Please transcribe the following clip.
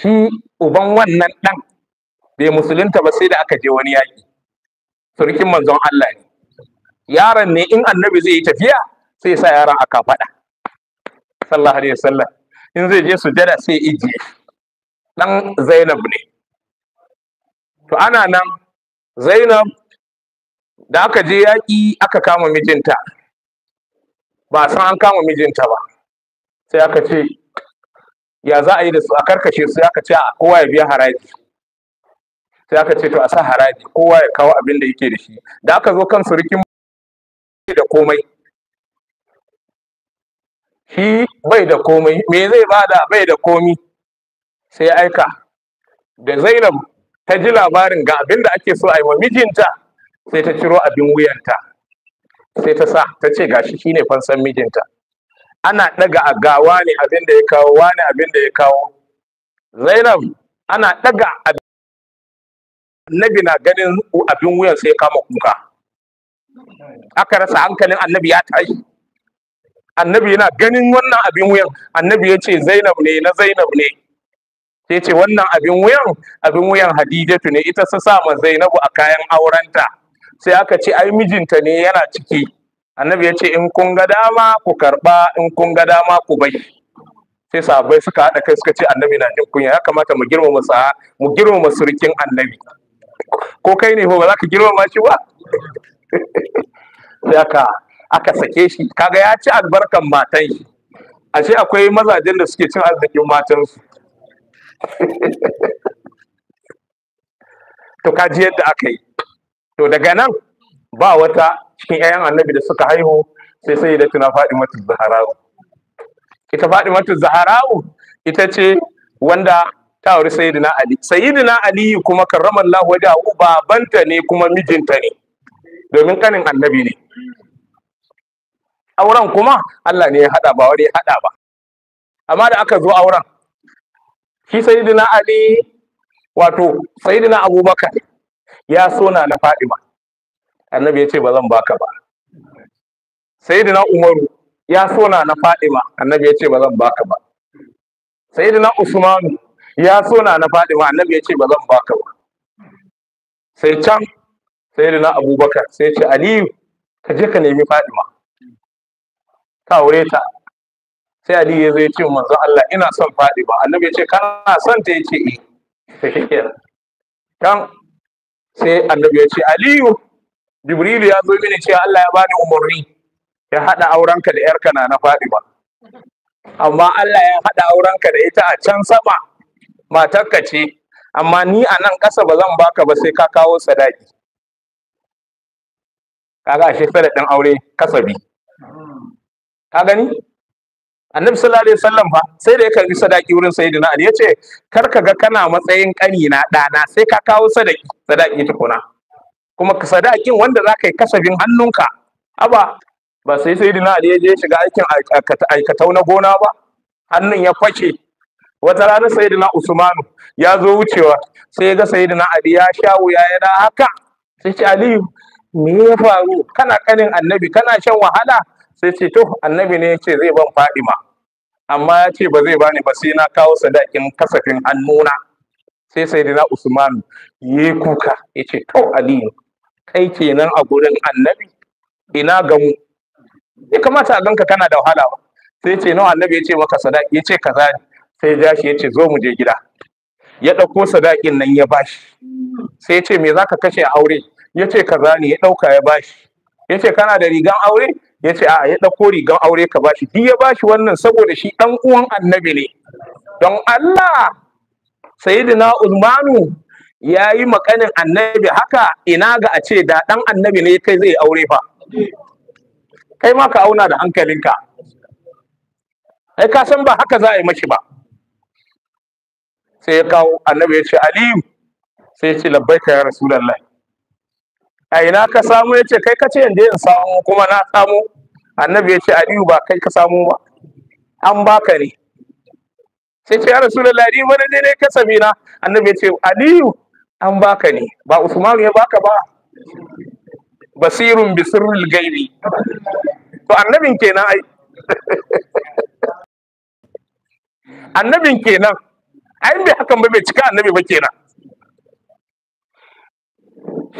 shi uban wannan ɗan bai musulunta ba sai da aka je wani yaƙi surkin manzon Allah ne yaron ne in annabi zai yi tafiya sai sa yaron aka faɗa sallallahu alaihi wasallam in zai je sujada sai ijiye dan Zainab ne to ana nan Zainab da aka je yaƙi aka kama mijinta ba san an kama mijinta ba sai aka ce ya za a yi da su a karkashe su kace ce kowa ya biya haraji sai aka ce to a sa haraji kowa ya kawo abin da yake da shi da aka zo kan surikin da komai shi bai da komai me zai bada bai da komi sai aika da zainab ta ji labarin ga abin da ake so a yi wa mijinta sai ta ciro abin wuyanta sai ta sa ta ce gashi shine fansan mijinta ana daga a ga wani abin da ya kawo wani abin da ya kawo Zainab ana daga annabi na ganin abin wuyan sai ya kama kuka aka rasa hankalin annabi ya tashi annabi yana ganin wannan abin wuyan annabi ya ce Zainab ne na Zainab ne sai ce wannan abin wuyan abin wuyan hadidatu ne ita sa ma zainabu a kayan aurenta sai aka ce ai mijinta ne yana ciki annabi ya ce in kun ga dama ku karɓa, in kun ga dama ku bai sai sahabbai suka haɗa kai suka ce annabi na jin kunya ya kamata mu girmama sa mu girmama surkin annabi ko kai ne ba za ka girmama shi ba sai aka aka sake shi kaga ya ci albarkan matan shi ashe akwai mazajen da suke cin arzikin su? to kaji yadda aka yi to daga nan ba wata cikin ƴaƴan annabi da suka haihu sai sai da tuna matu zaharau ita fadimatu zaharau ita ce wanda ta auri sayyidina ali sayyidina ali kuma karramallahu wajahu babanta ne kuma mijinta ne domin kanin annabi ne auren kuma Allah ne ya hada ba wani ya hada ba amma da aka zo auren shi sayyidina ali wato sayyidina abubakar ya so na na fadima annabi ya ce ba zan baka ba sayyidina umaru ya sona na fadima annabi ya ce ba zan baka ba sayyidina usmanu ya sona na fadima annabi ya ce ba zan baka ba sai can sayyidina abubakar sai ce aliyu ka je ka nemi fadima ka aure ta sai aliyu ya zo ya ce manzo Allah ina son fadima annabi ya ce kana son ta yace eh sai shikenan kan sai annabi ya ce aliyu jibrilu ya zo mini cewa Allah ya bani umarni ya haɗa aurenka da yarka na na Fadima amma Allah ya haɗa aurenka da ita a can sama matarka ce amma ni a nan ƙasa ba zan baka ba sai ka kawo sadaki kaga fara ɗan aure kasabi ka gani annabi sallallahu alaihi wasallam fa sai da ya karbi sadaki wurin sayyidina ali yace kar ka ga kana matsayin ƙani na ɗana sai ka kawo sadaki sadaki tukuna kuma ka sadakin wanda za ka yi kasafin hannunka aba ba sai sai dina ali ya je shiga aikin aikatau na gona ba hannun ya kwace. wata rana dina usmanu ya zo wucewa sai ga dina ali ya sha wuya yana haka sai ce aliyu me ya faru kana kanin annabi kana shan wahala sai ce to annabi ne yace zai ban fadima amma ya ce ba zai bani ba sai na kawo sadakin kasafin hannuna sai dina usmanu yayi kuka yace to aliyu kai kenan a gurin annabi ina ga mu ya kamata a ganka kana da wahala ba sai ce nawa annabi ya ce maka sadaki ya ce kaza sai ya shi ya ce zo mu je gida ya ɗauko sadakin nan ya bashi sai ya ce me zaka kashe a aure ya ce kaza ne ya ɗauka ya bashi ya ce kana da rigan aure ya ce a ya ɗauko rigan aure ka bashi duk ya bashi wannan saboda shi ɗan uwan annabi ne don Allah sayyidina Usmanu ya yi makanin annabi haka ina ga a ce da ɗan annabi ne kai zai aure fa kai ma ka auna da hankalinka ai ka san ba haka za a yi mashi ba sai ya kawo annabi ya ce aliyu sai ya ce labbaika ya rasulallah a ina ka samu ya ce kai ka ce in je in samu kuma na samu annabi ya ce aliyu ba kai ka samu ba an baka ne sai ce ya rasulallah ni wani ne ka sabina annabi ya ce aliyu an baka ne ba Usman ya baka ba basirun bisirul gaibi to annabin kenan ai annabin kenan ai bai hakan ba bai cika annabi ba kenan